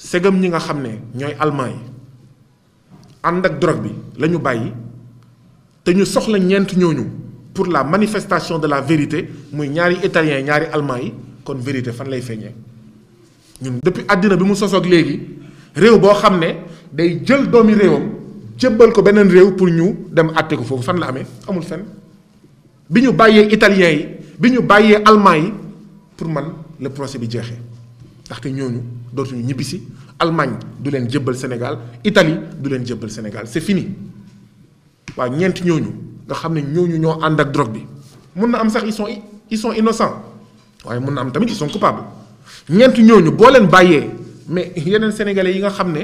segam ñi nga xam ne ñooy allemand yi ànd ak drogue bi la ñu bàyyi te ñu soxla ñeent ñooñu pour la manifestation de la vérité muy ñaari italien ñaari allemand yi kon vérité fan lay feeñee ñun depuis àddina bi mu sosoog léegi réew boo xam ne day jël doomi réewam jébbal ko beneen réew pour ñu dem àtte ko foofu fan la amee amul fenn bi ñu bàyyee italien yi bi ñu bàyyee allemand yi pour man le procès bi jeexee ndaxte ñooñu dootuñu ñibbisi Allemagne du leen jëbbal Sénégal Italie du leen jëbbal Sénégal c'est fini waaw ñeent ñooñu nga xam ne ñooñu ñoo ànd ak drogue bi mun na am sax ils sont ils sont innocents waaye mun na am tamit ils sont coupables ñeent ñooñu boo leen bàyyee mais yeneen sénégalais yi nga xam ne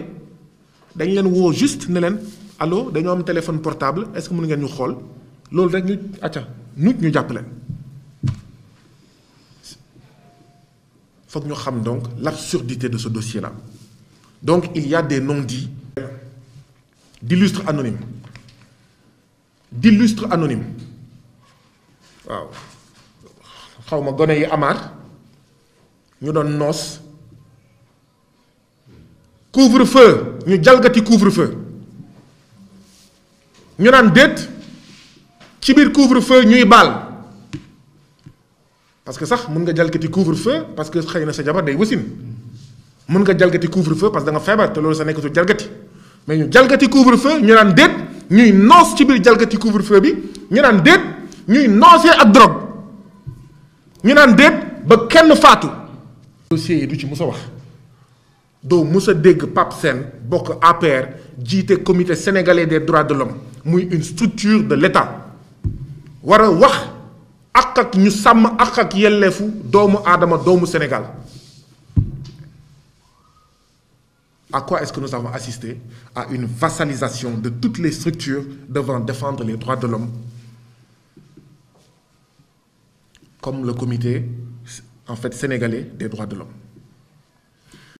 dañ leen woo juste ne leen allo dañoo am téléphone portable est-ce que ngeen ñu xool loolu rek ñu acca nut ñu jàpp leen foog ñu xam donc l'absurdité de ce dossier-là donc il y a des non-dits d'illustres anonymes waaw xaw ma gone yi amaar ñu doon noos couvre ñu jalgati couvre ñu naan déet ci biir couvre-feu ñuy baal parce que sax mun nga jalgati couvre-feu parce que xëy na sa jabar day wasin mun nga jalgati couvre-feu parce que da nga feebar te loolu sa nekkatul jalgati mais ñu jalgati couvre-feu ñu naan déet ñuy noos ci biir jalgati couvre-feu bi ñu naan déet ñuy noosee ak drogue ñu naan déet ba kenn faatu. dossiers yi du ci mus a wax doo mus a dégg Pape seen bokk APR jiite comité sénégalais des droits de l'homme muy une de l'État war a wax. ak ak ñu sàmm ak ak yelleefu doomu aadama doomu Sénégal à quoi est-ce que nous avons assisté à une vassalisation de toutes les structures devant défendre les droits de l'homme comme le comité en fait sénégalais des droits de l'homme